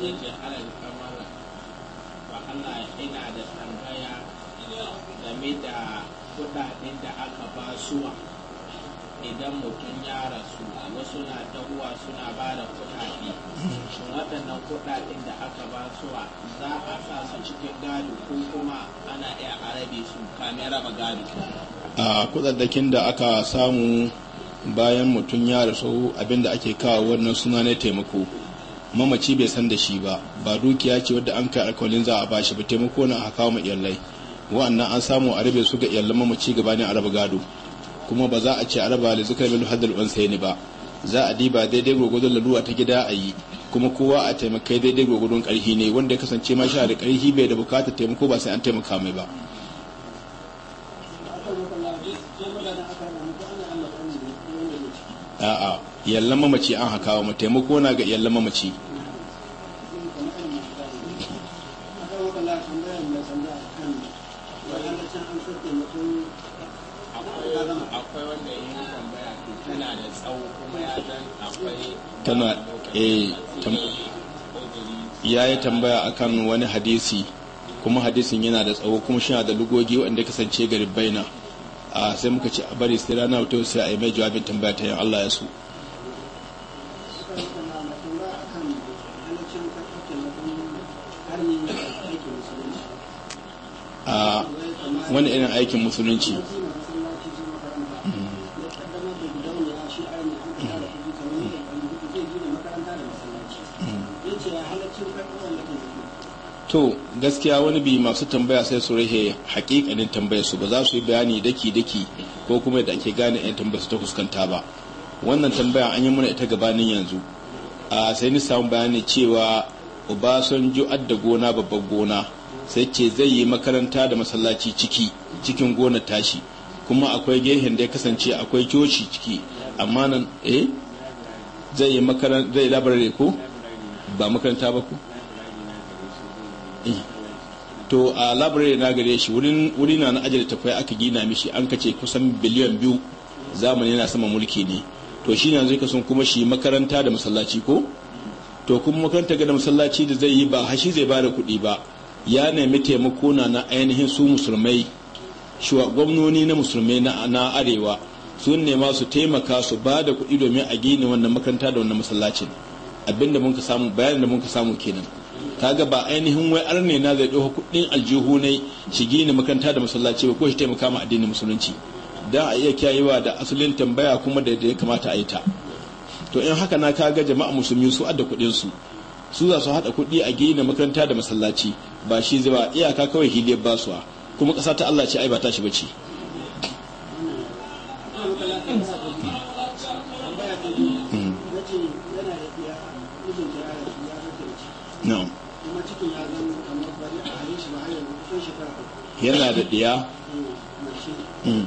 yake halarta mana wahala ina da tambaya game da kudaden da aka ba suwa idan mutum ya rasu wasu na tahuwa suna ba da kudade shin waɗannan kudaden da aka ba suwa za a sa su cikin gado ko kuma ana iya arabe su kamin raba gado a kudaddakin da aka samu bayan mutum ya rasu abinda ake kawo wannan suna ne taimako mamaci bai san da shi ba ba dukiya ce wadda an kai alkawalin za a ba shi ba taimako na a kawo ma iyalai wa'annan an samu a rabe su ga iyalan mamaci gabanin araba gado kuma ba za a ce araba da zuka bil haddal ban sai ni ba za a diba daidai gwagwadon laluwa ta gida a yi kuma kowa a taimakai daidai gwagwadon karhi ne wanda ya kasance ma da karhi bai da bukatar taimako ba sai an taimaka mai ba a'a yallan mamaci an haka wa taimako na ga yallan mamaci eh, ya yi tambaya akan wani hadisi kuma hadisin yana da tsawo kuma shi da lugogi waɗanda kasance garibbaina a ah, sai muka ce a bari sai rana wuta sai a yi mai jawabin tambaya ta yin Allah ya su a wani irin aikin musulunci to gaskiya wani bi masu tambaya sai su rahe hakikanin tambayar su ba za su yi bayani daki-daki ko kuma da ake gane yan tambayar su ta fuskanta ba wannan tambaya an yi mana ita gabanin yanzu a sai ni samu bayani cewa Obasanjo adda gona babbar gona sai ce zai yi makaranta da masallaci ciki cikin gona tashi kuma akwai gehen da ya kasance akwai coci ciki amma nan eh zai yi makaranta zai labarare ko ba makaranta ba ko eh. to a labarai na gare shi wuri na na ajiyar tafai aka gina mishi an kace kusan biliyan biyu zamani yana sama mulki ne to shi na zai sun kuma shi makaranta da masallaci ko to kuma makaranta ga masallaci da zai yi ba hashi zai bada kuɗi ba ya nemi taimako na na ainihin su musulmai gwamnoni na musulmai na arewa sun nema su taimaka su ba da kuɗi domin a gina wannan makaranta da wannan masallacin abinda mun ka samu bayanin da mun ka samu kenan kaga ba ainihin wai arne na zai ɗauka kuɗin aljihu ne shi gina makaranta da masallaci ba ko shi taimaka ma addinin musulunci da a iya kyayewa da asalin tambaya kuma da ya kamata a yi ta to in haka na kaga jama'a musulmi su adda kuɗin su su za su haɗa kuɗi a gina makaranta da masallaci ba shi zai ba iyaka kawai hidiyar basuwa kuma ƙasa ta Allah ce ai ba ta shi ce. yana da ɗiya hmm.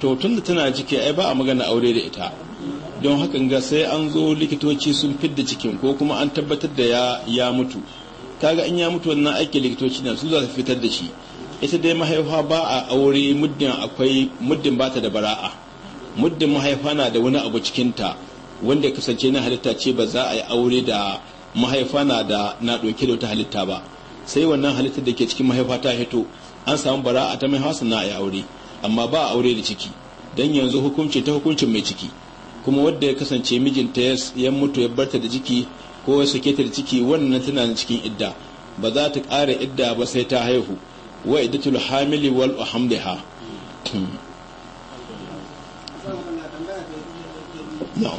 to tun da tana ciki ai ba a magana aure da ita don hakan ga sai an zo likitoci sun fidda cikin ko kuma an tabbatar da ya mutu kaga in ya mutu wannan aiki likitoci na su za su fitar da shi ita dai mahaifa ba a aure muddin akwai muddin bata da bara'a muddin mahaifa na da wani abu cikinta wanda ya kasance na halitta ce ba za a yi aure da mahaifa na da na ɗauke da wata halitta ba sai wannan halitta da ke cikin mahaifa ta hito an samu bara a ta mahaifa na a yi aure amma ba a aure da ciki dan yanzu hukunci ta hukuncin mai ciki kuma wadda ya kasance mijinta ya mutu ya barta da ciki ko ya sake ta da ciki wannan tana cikin idda ba za ta ƙara idda ba sai ta haihu wa iddatul hamili wal uhamdiha no.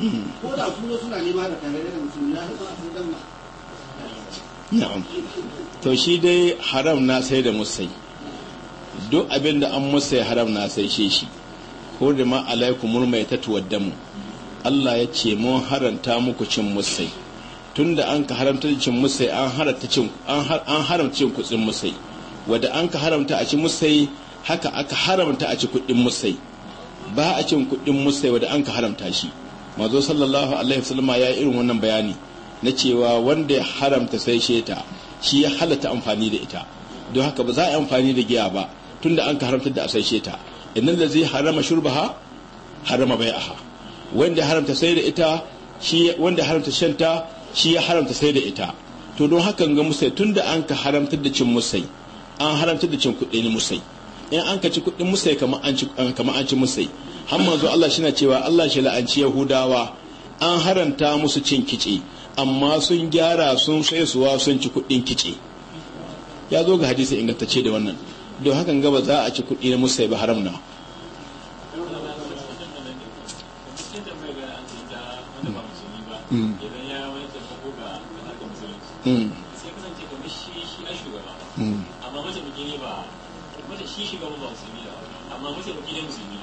ko da suna nema da mutum na'am to shi dai haram na sai da musai duk abin da an musai haram na sai she shi ko da ma alaikumul mai tuwadda mu Allah ya ce mun haranta muku cin musai tunda an ka haramta cin musai an haramta cin an haramta cin kutsin musai wanda an ka haramta a ci musai haka aka haramta a ci kuɗin musai ba a cin kuɗin musai wanda an ka haramta shi mazo sallallahu alaihi wasallam ya yi irin wannan bayani na cewa wanda ya haramta sai sheta shi ya halatta amfani da ita don haka ba za a yi amfani da giya ba tunda an ka haramta da a sai sheta idan da zai harama shurbaha harama bai'aha wanda haramta sai da ita shi wanda haramta shanta shi ya haramta sai da ita to don haka ga musai tunda an ka haramta da cin musai an haramta da cin ne musai in an ka ci kuɗin musai kamar an ci musai har manzo Allah shi na cewa Allah shi la'anci yahudawa an haramta musu cin kici amma sun gyara sun sai suwa sun ci kuɗin kici ya zo ga hadisi ingantacce da wannan don hakan gaba za a ci kuɗi na musa ba haram na hmm. Hmm. Hmm. amma mutum ne ba mutum shi shugaba ba musulmi ba amma mutum ne musulmi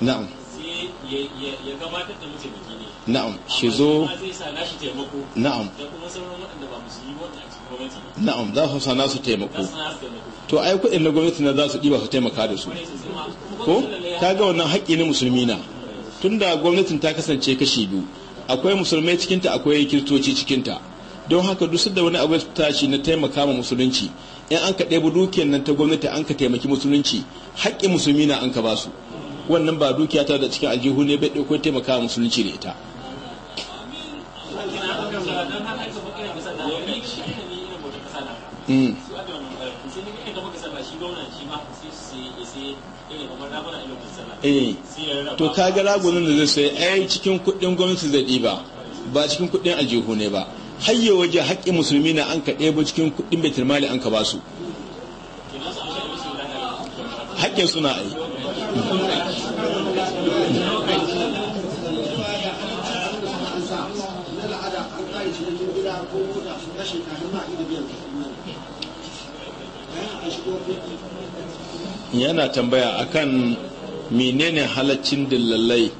na'am na'am shi zo na'am na'am za su sa su taimako to ai kuɗin na gwamnati na za su ɗiba su taimaka da su ko ta ga wannan haƙƙi na musulmi na tunda gwamnatin ta kasance kashi biyu akwai musulmai cikinta akwai kiristoci cikinta don haka duk da wani abu tashi na taimaka ma musulunci in an ka ɗebi dukiyar nan ta gwamnati an ka taimaki musulunci haƙƙin musulmi na an ka ba su wannan ba dukiya ta da cikin aljihu ne bai ɗauko taimaka musulunci da ita hmm. eh. to ga ragunan da zai sai ai cikin kuɗin gwamnati zai ɗiba ba cikin kuɗin aljihu ne ba hayya waje haƙƙin musulmi na an ka ɗebo cikin kuɗin baitul mali an ka ba su haƙƙin suna ai yana tambaya akan menene halaccin dillalai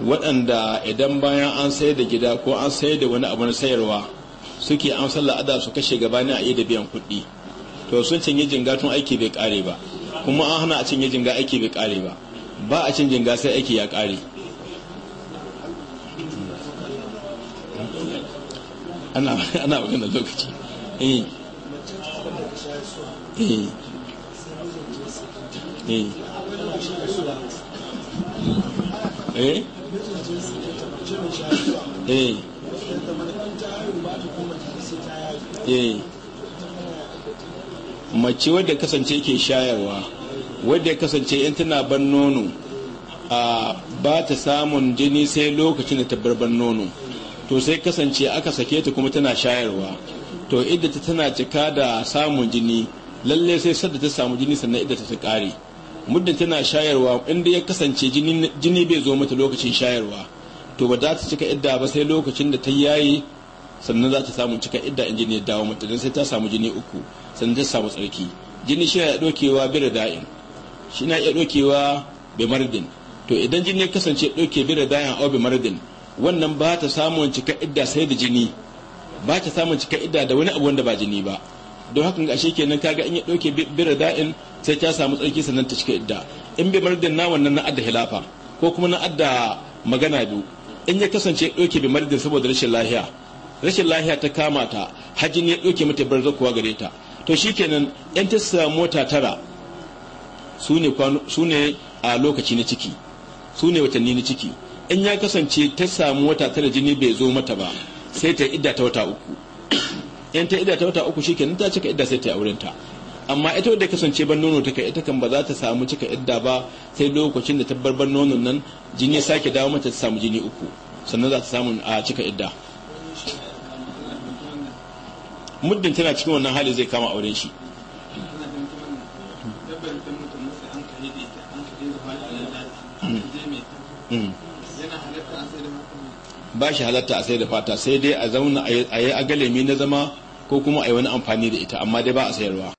waɗanda idan bayan an sayar da gida ko an sayar da wani abu na sayarwa suke an la'ada su kashe ne a iya da biyan kuɗi to sun cinye jinga tun aiki bai kare ba kuma an hana a cinye jinga aiki bai kare ba ba a cin jinga sai aiki ya kare ana magana lokaci eh eh eh Eh? Eh. Eh. mace wadda kasance ke shayarwa wadda ya kasance in tana ban nono a ba ta samun jini sai lokacin da ta bar ban nono to sai kasance aka sake ta kuma tana shayarwa to idda ta tana cika da samun jini lalle sai sadda ta samu jini sannan idda ta ta kare muddin tana shayarwa inda ya kasance jini bai zo mata lokacin shayarwa to ba za ta cika idda ba sai lokacin da ta yayi sannan za ta samu cika idda in jini ya dawo mata don sai ta samu jini uku sannan ta samu tsarki jini shi na dokewa bira da'in shi na iya dokewa bi mardin to idan jini ya kasance doke bira da'in a bi mardin wannan ba ta samun cika idda sai da jini ba ta samun cika idda da wani abu wanda ba jini ba don haka ga kenan kaga in ya dauke bira da'in sai ta samu tsarki sannan ta cika idda in bai mardin na wannan na adda hilafa ko kuma na adda magana biyu in ya kasance ya dauke bi mardin saboda rashin lahiya rashin lahiya ta kama ta hajin ya dauke mata bar zakuwa gare ta to shikenan yan ta samu mota tara su ne a lokaci na ciki su ne watanni na ciki in ya kasance ta samu wata tara jini bai zo mata ba sai ta idda ta wata uku in ta idda ta wata uku shikenan ta cika idda sai ta yi aurenta amma ita wadda kasance ban nono ta kai ita kan ba za ta samu cika idda ba sai lokacin da ta ban nonon nan jini ya sake dawo mata ta samu jini uku sannan za ta samu a cika idda muddin tana cikin wannan hali zai kama auren shi hmm. Hmm. ba shi halatta a sai da fata sai dai a zauna a yi agalemi na zama ko kuma a yi wani amfani da ita amma dai ba a sayarwa